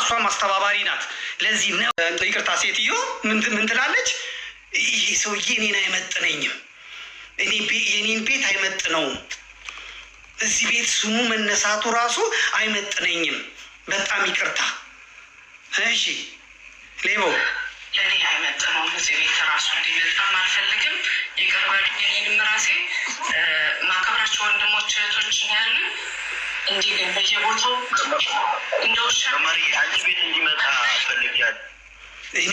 እሷም አስተባባሪ ናት። ለዚህ ይቅርታ ሴትዮ ምን ትላለች? ይሄ ሰውዬ እኔን አይመጥነኝም፣ እኔ የኔን ቤት አይመጥነውም፣ እዚህ ቤት ስሙ መነሳቱ ራሱ አይመጥነኝም። በጣም ይቅርታ። እሺ ሌቦ ለእኔ አይመጥነውም፣ እዚህ ቤት ራሱ እንዲመጣም አልፈልግም። ይቅር በሉኝ። እኔንም ራሴ ማከብራቸው ወንድሞች እህቶች ያሉ እንዲህ ግን በየቦታው እኔ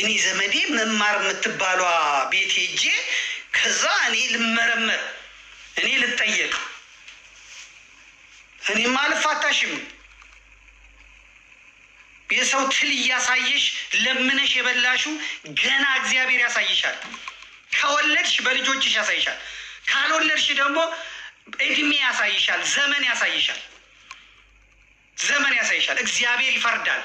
እኔ ዘመዴ መማር የምትባሏ ቤት ሄጄ ከዛ እኔ ልመረመር፣ እኔ ልጠየቅ፣ እኔም አልፋታሽም። የሰው ትል እያሳየሽ ለምነሽ የበላሹ ገና እግዚአብሔር ያሳይሻል። ከወለድሽ በልጆችሽ ያሳይሻል። ካልወለድሽ ደግሞ እድሜ ያሳይሻል፣ ዘመን ያሳይሻል፣ ዘመን ያሳይሻል። እግዚአብሔር ይፈርዳል።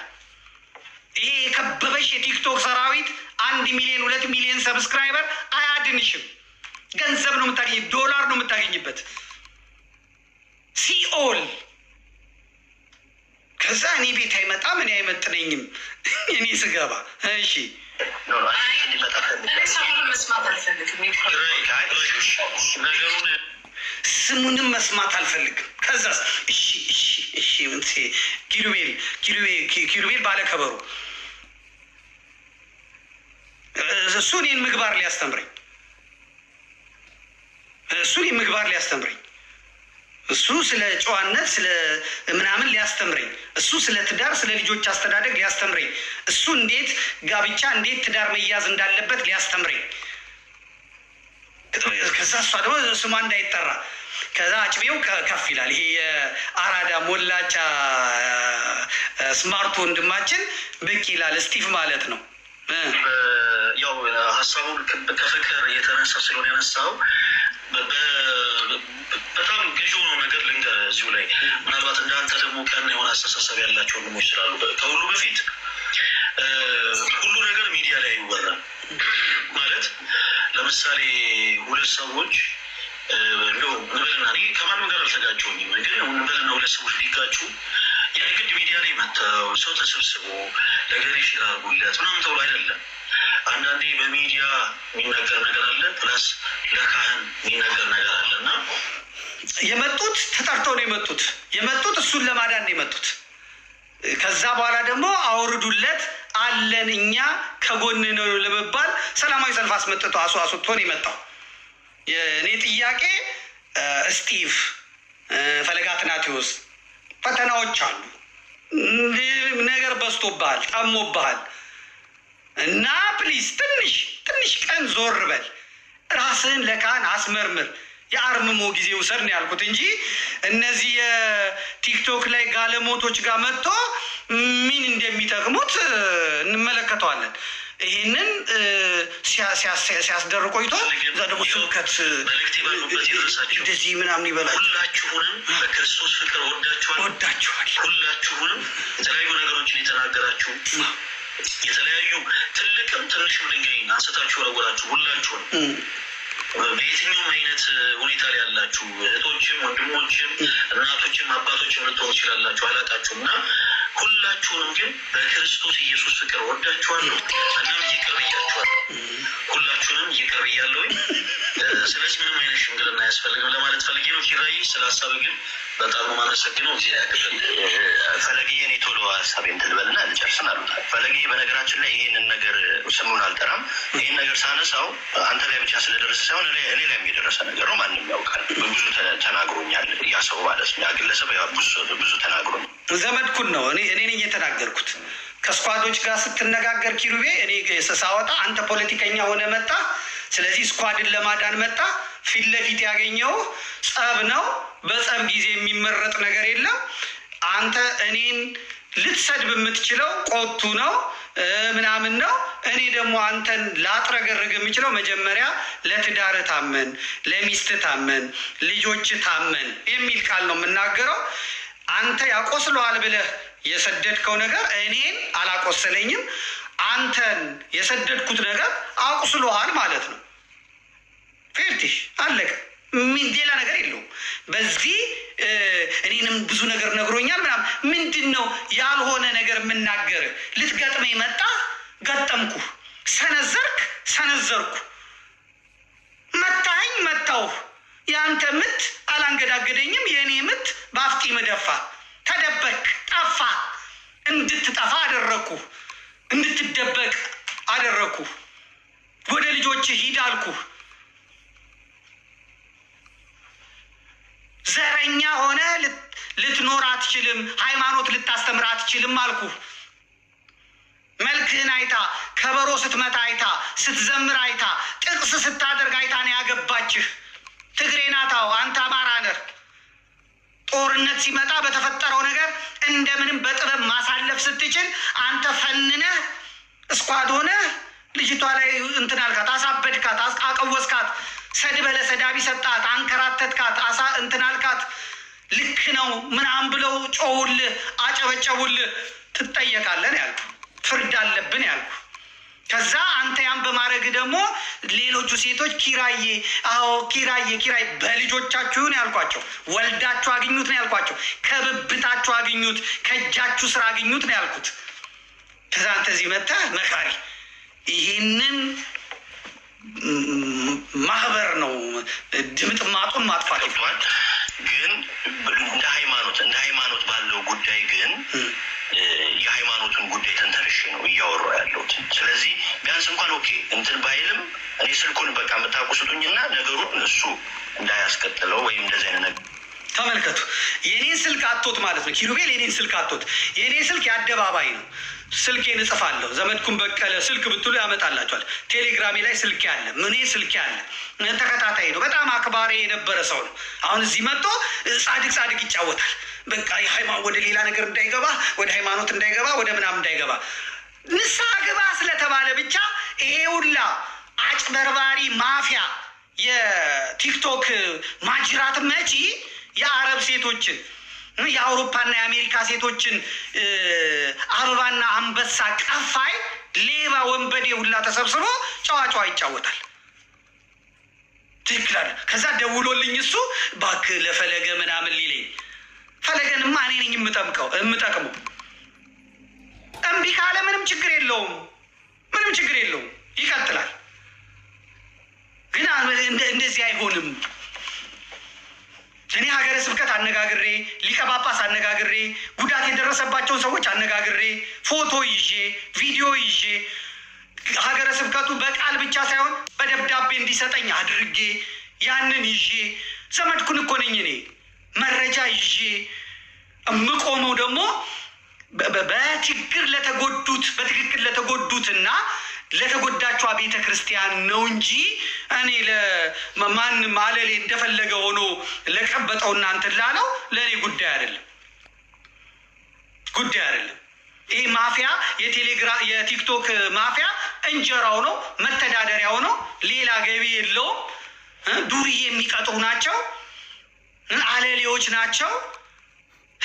ይሄ የከበበሽ የቲክቶክ ሰራዊት አንድ ሚሊዮን ሁለት ሚሊዮን ሰብስክራይበር አያድንሽም። ገንዘብ ነው የምታገኝ፣ ዶላር ነው የምታገኝበት። ሲኦል ከዛ እኔ ቤት አይመጣም፣ እኔ አይመጥነኝም፣ እኔ ስገባ እሺ ነገሩን ስሙንም መስማት አልፈልግም። ከዛ እሺ እሺ እሺ ኪሩቤል ኪሩቤል ባለከበሩ እሱ እኔን ምግባር ሊያስተምረኝ እሱ እኔን ምግባር ሊያስተምረኝ እሱ ስለ ጨዋነት ስለ ምናምን ሊያስተምረኝ እሱ ስለ ትዳር ስለ ልጆች አስተዳደግ ሊያስተምረኝ እሱ እንዴት ጋብቻ እንዴት ትዳር መያዝ እንዳለበት ሊያስተምረኝ ከዛ እሷ ደግሞ ስሟ እንዳይጠራ ከዛ አጭቤው ከፍ ይላል። ይሄ የአራዳ ሞላቻ ስማርቱ ወንድማችን ብቅ ይላል። ስቲቭ ማለት ነው። ያው ሀሳቡን ከፍቅር የተነሳ ስለሆነ ያነሳው በጣም ገዥ ሆነው ነገር ልንገር እዚሁ ላይ ምናልባት እንዳንተ ደግሞ ቀና የሆነ አስተሳሰብ ያላቸው ወንድሞች ይችላሉ። ከሁሉ በፊት ሁሉ ነገር ሚዲያ ላይ ይወራል ማለት ለምሳሌ ሁለት ሰዎች እንደው ንበልና ከማንም ጋር አልተጋጨሁም፣ ግን ንበልና ሁለት ሰዎች ሊጋጩ የግድ ሚዲያ ላይ መጥተው ሰው ተሰብስቦ ነገር ይሽራርጉለት ምናምን ተብሎ አይደለም። አንዳንዴ በሚዲያ የሚነገር ነገር አለ፣ ፕላስ ለካህን የሚነገር ነገር አለ እና የመጡት ተጠርተው ነው የመጡት የመጡት እሱን ለማዳን ነው የመጡት። ከዛ በኋላ ደግሞ አውርዱለት አለን እኛ ከጎን ነው ለመባል ሰላማዊ ሰልፍ አስመጥተው አሶ አስወጥቶን የመጣው የእኔ ጥያቄ ስቲቭ ፈለገ አትናቴዎስ ፈተናዎች አሉ። ነገር በዝቶብሃል፣ ጠሞብሃል እና ፕሊዝ ትንሽ ትንሽ ቀን ዞር በል፣ ራስህን ለካህን አስመርምር፣ የአርምሞ ጊዜ ውሰድ ነው ያልኩት እንጂ እነዚህ የቲክቶክ ላይ ጋለሞቶች ጋር መጥቶ ምን እንደሚጠቅሙት እንመለከተዋለን። ይህንን ሲያስደርግ ቆይቷል። እዛ ደግሞ ስብከት እንደዚህ ምናምን ይበላል። ሁላችሁንም በክርስቶስ ፍቅር ወዳችኋል ወዳችኋል። ሁላችሁንም የተለያዩ ነገሮችን የተናገራችሁ የተለያዩ ትልቅም ትንሽም ድንጋይ አንስታችሁ ወረወራችሁ። ሁላችሁን በየትኛውም አይነት ሁኔታ ላይ ያላችሁ እህቶችም፣ ወንድሞችም፣ እናቶችም አባቶችም ልትሆኑ ይችላላችሁ። አላቃችሁም እና ሁላችሁንም ግን በክርስቶስ ኢየሱስ ፍቅር ወዳችኋለሁ፣ እናም ይቅር ብያችኋል። ሁላችሁንም ይቅር ብያለሁኝ። ስለዚህ ምንም አይነት ሽምግልና አያስፈልግም ለማለት ፈልጌ ነው። ኪራይ ስለ ሀሳብ ግን በጣም ማመሰግነው። እዚህ ፈለጌ እኔ ቶሎ ሀሳቤ እንትልበልና ልበልና አሉ ፈለጌ። በነገራችን ላይ ይህንን ነገር ስሙን አልጠራም። ይህን ነገር ሳነሳው አንተ ላይ ብቻ ስለደረሰ ሳይሆን እኔ ላይ የሚደረሰ ነገር ነው። ማንም ያውቃል። ብዙ ተናግሮኛል። ያ ሰው ማለት ነው፣ ያ ግለሰብ ብዙ ተናግሮኛል። ዘመድኩን ነው እኔ እኔ እየተናገርኩት ከስኳዶች ጋር ስትነጋገር ኪሩቤ እኔ ስሳወጣ አንተ ፖለቲከኛ ሆነ መጣ። ስለዚህ ስኳድን ለማዳን መጣ። ፊት ለፊት ያገኘው ጸብ ነው። በጸብ ጊዜ የሚመረጥ ነገር የለም። አንተ እኔን ልትሰድብ የምትችለው ቆቱ ነው ምናምን ነው። እኔ ደግሞ አንተን ላጥረገርግ የምችለው መጀመሪያ ለትዳር ታመን፣ ለሚስት ታመን፣ ልጆች ታመን የሚል ቃል ነው የምናገረው። አንተ ያቆስለዋል ብለህ የሰደድከው ነገር እኔን አላቆሰለኝም፣ አንተን የሰደድኩት ነገር አቁስለዋል ማለት ነው። ፌርቲሽ አለቀ። ሌላ ነገር የለውም። በዚህ እኔንም ብዙ ነገር ነግሮኛል ምናምን። ምንድን ነው ያልሆነ ነገር የምናገር? ልትገጥመኝ መጣ፣ ገጠምኩ። ሰነዘርክ፣ ሰነዘርኩ። መታኝ መታው የአንተ ምት አላንገዳገደኝም። የእኔ ምት በአፍጢ መደፋ ተደበቅ ጠፋ እንድትጠፋ አደረግኩ፣ እንድትደበቅ አደረግኩ። ወደ ልጆች ሂድ አልኩ። ዘረኛ ሆነ ልትኖር አትችልም፣ ሃይማኖት ልታስተምር አትችልም አልኩ። መልክህን አይታ ከበሮ ስትመታ አይታ ስትዘምር አይታ ጥቅስ ስታደርግ አይታ ነው ያገባችህ። ትግሬ ናት። አንተ አማራ ነህ። ጦርነት ሲመጣ በተፈጠረው ነገር እንደምንም በጥበብ ማሳለፍ ስትችል አንተ ፈንነህ እስኳድ ሆነህ ልጅቷ ላይ እንትን አልካት፣ አሳበድካት፣ አቀወስካት፣ ሰድበህ ለሰዳቢ ሰጣት፣ አንከራተትካት፣ እንትን አልካት። ልክ ነው ምናምን ብለው ጮውልህ፣ አጨበጨቡልህ። ትጠየቃለን ያልኩ፣ ፍርድ አለብን ያልኩ ከዛ አንተ ያን በማድረግ ደግሞ ሌሎቹ ሴቶች ኪራዬ፣ አዎ ኪራዬ፣ ኪራይ በልጆቻችሁን ያልኳቸው ወልዳችሁ አግኙት ነው ያልኳቸው። ከብብታችሁ አግኙት፣ ከእጃችሁ ስራ አግኙት ነው ያልኩት። ከዛ አንተ እዚህ መጥተህ መካሪ ይህንን ማህበር ነው ድምጥማጡን ማጥፋት ይባል። ግን እንደ ሃይማኖት እንደ ሃይማኖት ባለው ጉዳይ ግን የሃይማኖቱን ጉዳይ ተንተርሼ ነው እያወራ ያለሁት። ስለዚህ ቢያንስ እንኳን ኦኬ እንትን ባይልም እኔ ስልኩን በቃ የምታቁስጡኝ እና ነገሩን እሱ እንዳያስቀጥለው ወይም እንደዚህ አይነት ነገር ተመልከቱ። የኔን ስልክ አቶት ማለት ነው ኪሩቤል፣ የኔን ስልክ አቶት። የኔ ስልክ የአደባባይ ነው። ስልኬን እጽፋለሁ። ዘመድኩን በቀለ ስልክ ብትሉ ያመጣላቸዋል። ቴሌግራሜ ላይ ስልክ ያለ ምኔ ስልክ ያለ ተከታታይ ነው። በጣም አክባሪ የነበረ ሰው ነው። አሁን እዚህ መጥቶ ጻድቅ ጻድቅ ይጫወታል። በቃ ወደ ሌላ ነገር እንዳይገባ፣ ወደ ሃይማኖት እንዳይገባ፣ ወደ ምናምን እንዳይገባ ንሳ ግባ ስለተባለ ብቻ ይሄ ሁላ አጭበርባሪ ማፊያ የቲክቶክ ማጅራት መቺ የአረብ ሴቶችን የአውሮፓና የአሜሪካ ሴቶችን አበባና አንበሳ ቀፋይ ሌባ ወንበዴ ሁላ ተሰብስቦ ጨዋ ይጫወታል። ትክክል። ከዛ ደውሎልኝ እሱ ባክ ለፈለገ ምናምን ሊለኝ ፈለገንማ እኔ ነኝ የምጠምቀው የምጠቅመው። እምቢ ካለ ምንም ችግር የለውም፣ ምንም ችግር የለውም፣ ይቀጥላል። ግን እንደዚህ አይሆንም። እኔ ሀገረ ስብከት አነጋግሬ ሊቀ ጳጳስ አነጋግሬ ጉዳት የደረሰባቸውን ሰዎች አነጋግሬ ፎቶ ይዤ ቪዲዮ ይዤ ሀገረ ስብከቱ በቃል ብቻ ሳይሆን በደብዳቤ እንዲሰጠኝ አድርጌ ያንን ይዤ ዘመድኩን እኮ ነኝ እኔ መረጃ ይዤ የምቆመው ደግሞ በችግር ለተጎዱት በትክክል ለተጎዱት እና ለተጎዳችዋ ቤተ ክርስቲያን ነው እንጂ እኔ ለማን ማለሌ እንደፈለገ ሆኖ ለቀበጠው እናንት ላለው ለእኔ ጉዳይ አይደለም፣ ጉዳይ አይደለም። ይህ ማፊያ የቴሌግራ የቲክቶክ ማፊያ እንጀራው ነው፣ መተዳደሪያው ነው። ሌላ ገቢ የለውም። ዱርዬ የሚቀጥሩ ናቸው። አለሌዎች ናቸው።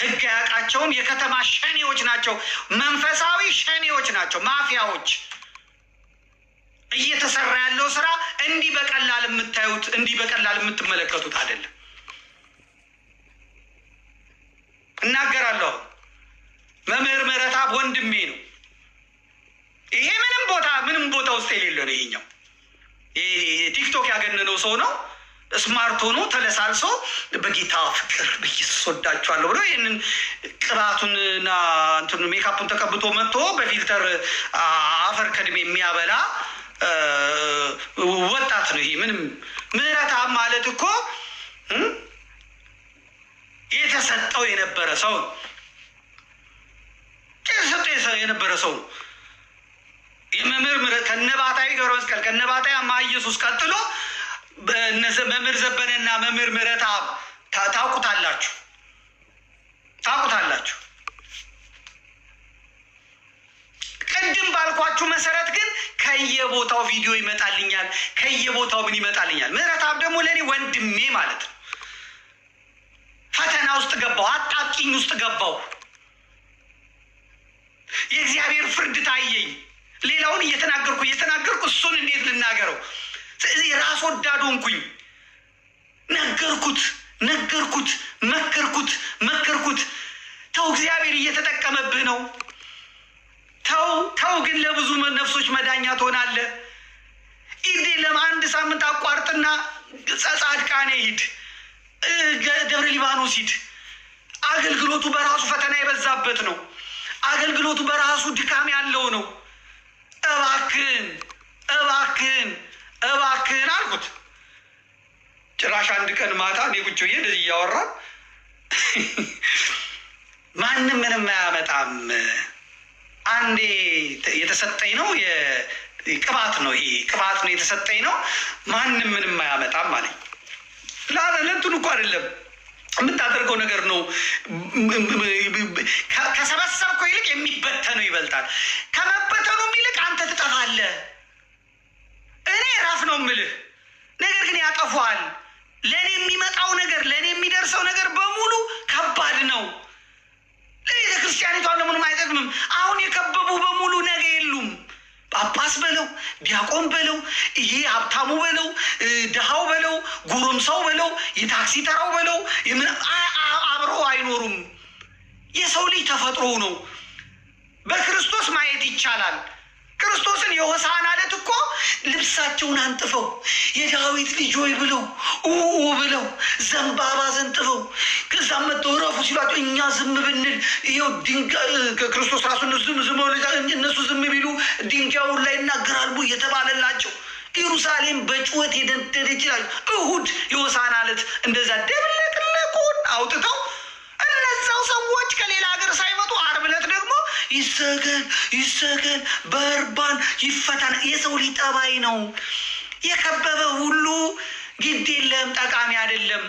ህግ አያውቃቸውም። የከተማ ሸኔዎች ናቸው። መንፈሳዊ ሸኔዎች ናቸው። ማፊያዎች እየተሰራ ያለው ስራ እንዲህ በቀላል የምታዩት እንዲህ በቀላል የምትመለከቱት አይደለም። እናገራለሁ። መምህር ምህረታብ ወንድሜ ነው። ይሄ ምንም ቦታ ምንም ቦታ ውስጥ የሌለ ነው። ይሄኛው ቲክቶክ ያገነነው ሰው ነው። ስማርት ሆኖ ተለሳልሶ በጌታ ፍቅር በኢየሱስ ወዳችኋለሁ ብሎ ይህንን ቅባቱንና እንትኑ ሜካፑን ተቀብቶ መጥቶ በፊልተር አፈር ከድሜ የሚያበላ ወጣት ነው። ይሄ ምንም ምህረት ማለት እኮ የተሰጠው የነበረ ሰው የተሰጠው የነበረ ሰው የመምህር ከነባታዊ ገብረ መስቀል ከነባታዊ አማ ኢየሱስ ቀጥሎ መምህር ዘበነና መምህር ምሕረተአብ ታውቁታላችሁ ታውቁታላችሁ። ቅድም ባልኳችሁ መሰረት ግን ከየቦታው ቪዲዮ ይመጣልኛል፣ ከየቦታው ምን ይመጣልኛል። አብ ደግሞ ለእኔ ወንድሜ ማለት ነው። ፈተና ውስጥ ገባው፣ አጣቂኝ ውስጥ ገባው። የእግዚአብሔር ፍርድ ታየኝ። ሌላውን እየተናገርኩ እየተናገርኩ እሱን እንዴት ልናገረው? ስለዚህ ራስ ወዳድ ሆንኩኝ። ነገርኩት ነገርኩት መከርኩት መከርኩት። ተው እግዚአብሔር እየተጠቀመብህ ነው። ተው ተው፣ ግን ለብዙ ነፍሶች መዳኛ ትሆናለህ። ኢዴ ለአንድ ሳምንት አቋርጥና ጻድቃኔ ሂድ፣ ደብረ ሊባኖስ ሂድ። አገልግሎቱ በራሱ ፈተና የበዛበት ነው። አገልግሎቱ በራሱ ድካም ያለው ነው። እባክን እባክን እባክህን አልኩት። ጭራሽ አንድ ቀን ማታ እኔ ቁጭ ብዬ እንደዚህ እያወራ ማንም ምንም አያመጣም፣ አንዴ የተሰጠኝ ነው ቅባት ነው ይሄ ቅባት ነው የተሰጠኝ ነው፣ ማንም ምንም አያመጣም አለኝ። ለእንትኑ እኮ አይደለም የምታደርገው ነገር ነው። ከሰበሰብከው ይልቅ የሚበተነው ይበልጣል። ከመበተኑም ይልቅ አንተ ትጠፋለህ። እኔ ራፍ ነው ምልህ ነገር ግን ያጠፏል። ለእኔ የሚመጣው ነገር ለእኔ የሚደርሰው ነገር በሙሉ ከባድ ነው። ለቤተ ክርስቲያኒቷ ለምንም አይጠቅምም። አሁን የከበቡ በሙሉ ነገ የሉም። ጳጳስ በለው ዲያቆን በለው ይሄ ሀብታሙ በለው ድሃው በለው ሰው በለው የታክሲ ተራው በለው አብሮ አይኖሩም። የሰው ልጅ ተፈጥሮው ነው። በክርስቶስ ማየት ይቻላል። ክርስቶስን የሆሳን አለት እኮ ልብሳቸውን አንጥፈው የዳዊት ልጅ ሆይ ብለው ኡ ብለው ዘንባባ ዘንጥፈው ከዛም መጥተው እረፉ ሲሏቸው እኛ ዝም ብንል ይኸው ክርስቶስ ራሱ ዝም ዝም እነሱ ዝም ቢሉ ድንጋዩን ላይ ይናገራሉ እየተባለላቸው ኢየሩሳሌም በጩኸት የደንደደ ይችላል። እሁድ የሆሳዕና አለት እንደዛ ደብለቅለቁን አውጥተው እነዛው ሰዎች ከሌላ ሀገር ይሰገን ይሰገን፣ በርባን ይፈታን። የሰው ሊጠባይ ነው። የከበበ ሁሉ ግድ የለም ጠቃሚ አይደለም።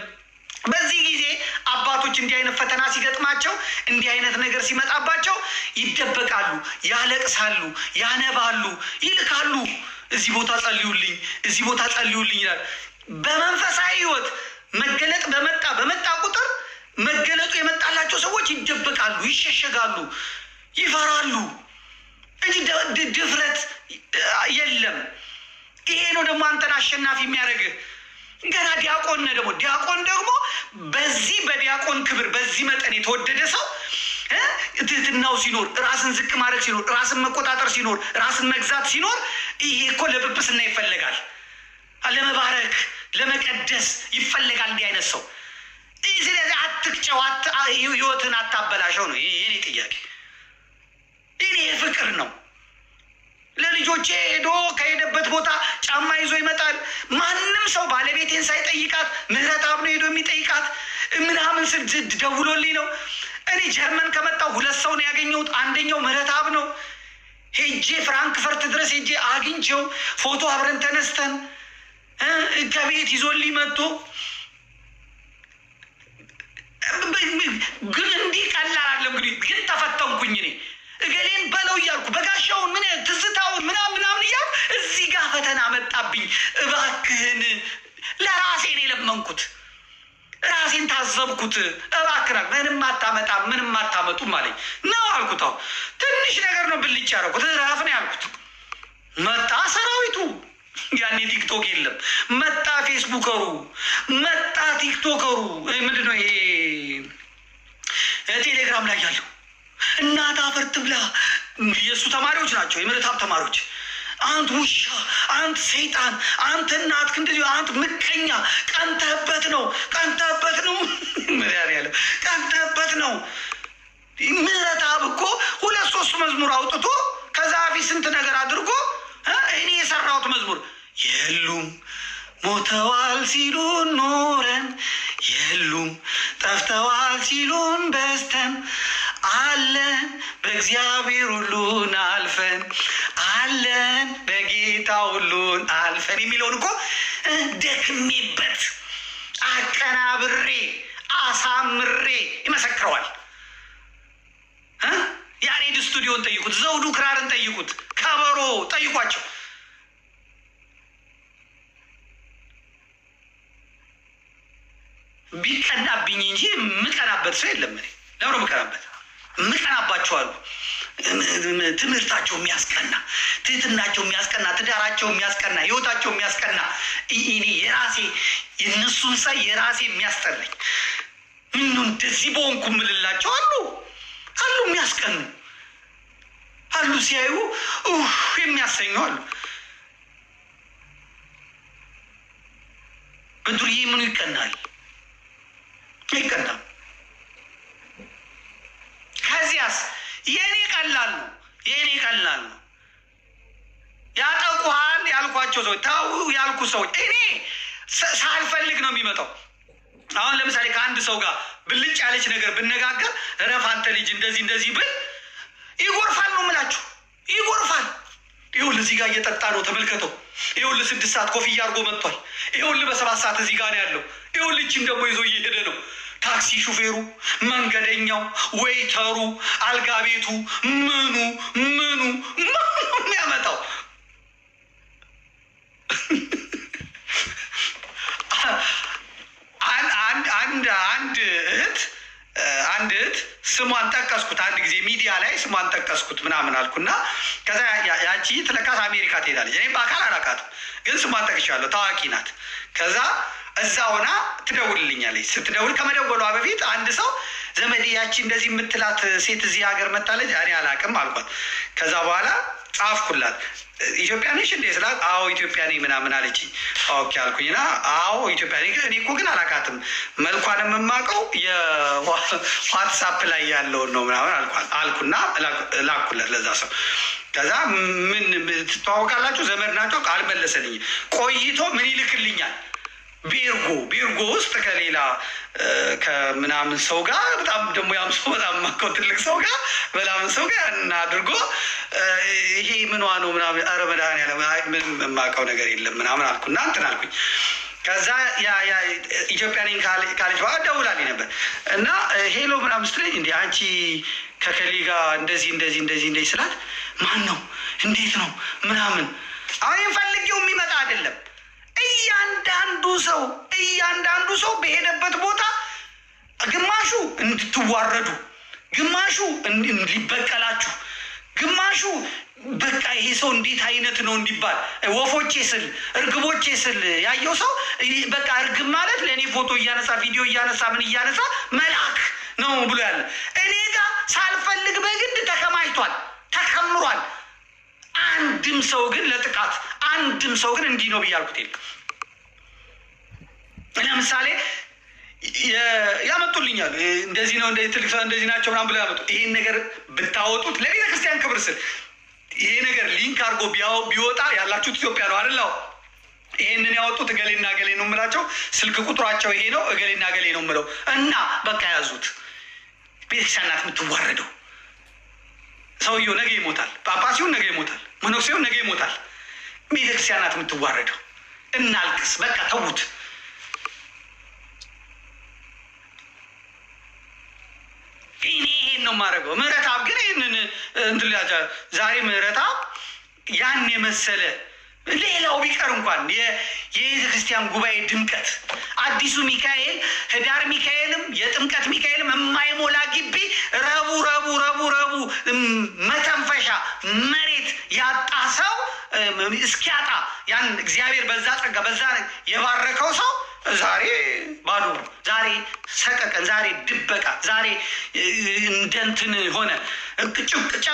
በዚህ ጊዜ አባቶች እንዲህ አይነት ፈተና ሲገጥማቸው እንዲህ አይነት ነገር ሲመጣባቸው ይደበቃሉ፣ ያለቅሳሉ፣ ያነባሉ፣ ይልካሉ። እዚህ ቦታ ጸልዩልኝ፣ እዚህ ቦታ ጸልዩልኝ ይላል። በመንፈሳዊ ህይወት መገለጥ በመጣ በመጣ ቁጥር መገለጡ የመጣላቸው ሰዎች ይደበቃሉ፣ ይሸሸጋሉ። ይፈራሉ እንጂ ድፍረት የለም። ይሄ ነው ደግሞ አንተን አሸናፊ የሚያደርግህ። ገና ዲያቆን ነህ ደግሞ ዲያቆን ደግሞ በዚህ በዲያቆን ክብር በዚህ መጠን የተወደደ ሰው ትህትናው ሲኖር፣ ራስን ዝቅ ማድረግ ሲኖር፣ ራስን መቆጣጠር ሲኖር፣ ራስን መግዛት ሲኖር፣ ይሄ እኮ ለጵጵስና ይፈለጋል። ለመባረክ ለመቀደስ ይፈለጋል እንዲህ አይነት ሰው። ስለዚህ አትቅጨው፣ ህይወትን አታበላሸው ነው የኔ ጥያቄ። ዲኔ ፍቅር ነው። ለልጆቼ ሄዶ ከሄደበት ቦታ ጫማ ይዞ ይመጣል። ማንም ሰው ባለቤቴን ሳይጠይቃት ምህረት አብ ነው ሄዶ የሚጠይቃት ምናምን ስል ደውሎልኝ ነው። እኔ ጀርመን ከመጣሁ ሁለት ሰው ነው ያገኘሁት። አንደኛው ምህረት አብ ነው። ሄጄ ፍራንክፈርት ድረስ ሄጄ አግኝቼው ፎቶ አብረን ተነስተን ከቤት ይዞልኝ መጥቶ ግን እንዲህ ቀላል አለ እንግዲህ ግን ተፈተንኩኝ እኔ እገሌን በለው እያልኩ በጋሻውን ምን ትዝታውን ምናምን ምናምን እያልኩ እዚህ ጋር ፈተና መጣብኝ። እባክህን ለራሴን የለመንኩት ራሴን ታዘብኩት። እባክህ ምንም አታመጣም ምንም አታመጡም አለኝ። ነው አልኩት። አሁን ትንሽ ነገር ነው ብልጭ ያደረኩት ራፍ ነው ያልኩት። መጣ ሰራዊቱ ያኔ ቲክቶክ የለም። መጣ ፌስቡከሩ፣ መጣ ቲክቶከሩ፣ ምንድነው ይሄ ቴሌግራም ላይ ያለው እናት አፈር ትብላ። የእሱ ተማሪዎች ናቸው፣ የምረታብ ተማሪዎች። አንት ውሻ፣ አንት ሰይጣን፣ አንተ እናት እንደዚሁ አንት ምቀኛ፣ ቀንተህበት ነው፣ ቀንተህበት ነው። መድኃኒዓለም ቀንተህበት ነው። ምረታብ እኮ ሁለት ሶስት መዝሙር አውጥቶ ከዛ በፊት ስንት ነገር አድርጎ እኔ የሰራሁት መዝሙር የሉም ሞተዋል ሲሉን ኖረን የሉም ጠፍተዋል ሲሉን በስተን አለን በእግዚአብሔር ሁሉን አልፈን አለን በጌታ ሁሉን አልፈን የሚለውን እኮ ደክሜበት አቀናብሬ አሳምሬ ይመሰክረዋል። ያሬድ ስቱዲዮን ጠይቁት፣ ዘውዱ ክራርን ጠይቁት፣ ከበሮ ጠይቋቸው። ቢቀናብኝ እንጂ የምቀናበት ሰው የለም። ለምሮ ምቀናበት ምቀናባቸው አሉ። ትምህርታቸው የሚያስቀና፣ ትህትናቸው የሚያስቀና፣ ትዳራቸው የሚያስቀና፣ ህይወታቸው የሚያስቀና እኔ የራሴ የእነሱን ሳይ የራሴ የሚያስጠላኝ ምኑ እንደዚህ በሆንኩ ምልላቸው አሉ አሉ የሚያስቀኑ አሉ ሲያዩ የሚያሰኙ አሉ። በዱርዬ ምኑ ይቀናል? አይቀናም። ከዚያስ የኔ ቀላል ነው፣ የኔ ቀላል ነው። ያጠቁሃል ያልኳቸው ሰዎች ታው ያልኩ ሰዎች እኔ ሳልፈልግ ነው የሚመጣው። አሁን ለምሳሌ ከአንድ ሰው ጋር ብልጭ ያለች ነገር ብነጋገር እረፍ አንተ ልጅ እንደዚህ እንደዚህ ብል ይጎርፋል ነው የምላችሁ፣ ይጎርፋል። ይሁን እዚህ ጋር እየጠጣ ነው ተመልከተው። ይሁን ስድስት ሰዓት ኮፍያ አድርጎ መጥቷል። ይሁን በሰባት ሰዓት እዚህ ጋር ነው ያለው። ይሁን ልጅም ደግሞ ይዞ እየሄደ ነው። ታክሲ ሹፌሩ፣ መንገደኛው፣ ወይተሩ፣ አልጋ ቤቱ ምኑ ምኑ ምኑ የሚያመጣው አንድ አንድ እህት አንድ እህት ስሟን ጠቀስኩት አንድ ጊዜ ሚዲያ ላይ ስሟን ጠቀስኩት ምናምን አልኩና ከዛ ያቺ ትለካት አሜሪካ ትሄዳለች። እኔ በአካል አላውቃትም፣ ግን ስሟን ጠቅሻለሁ። ታዋቂ ናት። ከዛ እዛ ሆና ትደውልልኛለች። ስትደውል ከመደወሏ በፊት አንድ ሰው ዘመዴ ያቺ እንደዚህ የምትላት ሴት እዚህ ሀገር መታለች፣ እኔ አላቅም አልኳት። ከዛ በኋላ ጻፍኩላት። ኢትዮጵያ ነሽ እንዴ ስላት፣ አዎ ኢትዮጵያ ነኝ ምናምን አለችኝ። ኦኬ አልኩኝና፣ አዎ ኢትዮጵያ ነኝ፣ እኔ እኮ ግን አላቃትም፣ መልኳን የምማቀው የዋትሳፕ ላይ ያለውን ነው ምናምን አልኳት አልኩና ላኩለት ለዛ ሰው። ከዛ ምን ትተዋወቃላችሁ? ዘመድ ናቸው? አልመለሰልኝም። ቆይቶ ምን ይልክልኛል ቢርጎ ቢርጎ ውስጥ ከሌላ ከምናምን ሰው ጋር በጣም ደግሞ ያም ሰው በጣም ማከው ትልቅ ሰው ጋር በላምን ሰው ጋር ያንን አድርጎ ይሄ ምኗ ነው ምናምን፣ ኧረ መድኃኒዓለም ምንም የማውቀው ነገር የለም ምናምን አልኩና እንትን አልኩኝ። ከዛ ኢትዮጵያ ነኝ ካለች በኋላ ደውላልኝ ነበር እና ሄሎ ምናምን ስትለኝ እንዲ አንቺ ከከሌ ጋር እንደዚህ እንደዚህ እንደዚህ እንደዚህ ስላት ማን ነው እንዴት ነው ምናምን አሁን ፈልጌው የሚመጣ አይደለም እያንዳንዱ ሰው እያንዳንዱ ሰው በሄደበት ቦታ ግማሹ እንድትዋረዱ፣ ግማሹ እንዲበቀላችሁ፣ ግማሹ በቃ ይሄ ሰው እንዴት አይነት ነው እንዲባል ወፎቼ ስል እርግቦቼ ስል ያየው ሰው በቃ እርግብ ማለት ለእኔ ፎቶ እያነሳ ቪዲዮ እያነሳ ምን እያነሳ መልአክ ነው ብሎ ያለ እኔ ጋር ሳልፈልግ በግድ ተከማችቷል፣ ተከምሯል። አንድም ሰው ግን ለጥቃት አንድም ሰው ግን እንዲህ ነው ብያልኩት የለም። ለምሳሌ ያመጡልኛል እንደዚህ ነው ትልቅ ሰው እንደዚህ ናቸው ምናምን ብለው ያመጡ። ይሄን ነገር ብታወጡት ለቤተ ክርስቲያን ክብር ስል ይሄ ነገር ሊንክ አድርጎ ቢወጣ ያላችሁት ኢትዮጵያ ነው አደላው። ይሄንን ያወጡት እገሌና እገሌ ነው የምላቸው። ስልክ ቁጥሯቸው ይሄ ነው። እገሌና እገሌ ነው የምለው እና በቃ ያዙት። ቤተክርስቲያን ናት የምትዋረደው። ሰውየው ነገ ይሞታል። ጳጳሲው ነገ ይሞታል። መነኩሴው ነገ ይሞታል። ቤተክርስቲያናት የምትዋረደው እናልቅስ። በቃ ተዉት። እኔ ይሄን ነው የማደርገው። ምህረት አብ ግን ይህንን ዛሬ ምህረት አብ ያን የመሰለ ሌላው ቢቀር እንኳን የቤተ ክርስቲያን ጉባኤ ድምቀት አዲሱ ሚካኤል ህዳር ሚካኤልም የጥምቀት ሚካኤልም የማይሞላ ግቢ ረቡ ረቡ ረቡ ረቡ መተንፈሻ መሬት ያጣ ሰው እስኪያጣ ያን እግዚአብሔር በዛ ጸጋ በዛ የባረከው ሰው ዛሬ ባዶ፣ ዛሬ ሰቀቀን፣ ዛሬ ድበቃ፣ ዛሬ እንደንትን ሆነ ጭብቅጫ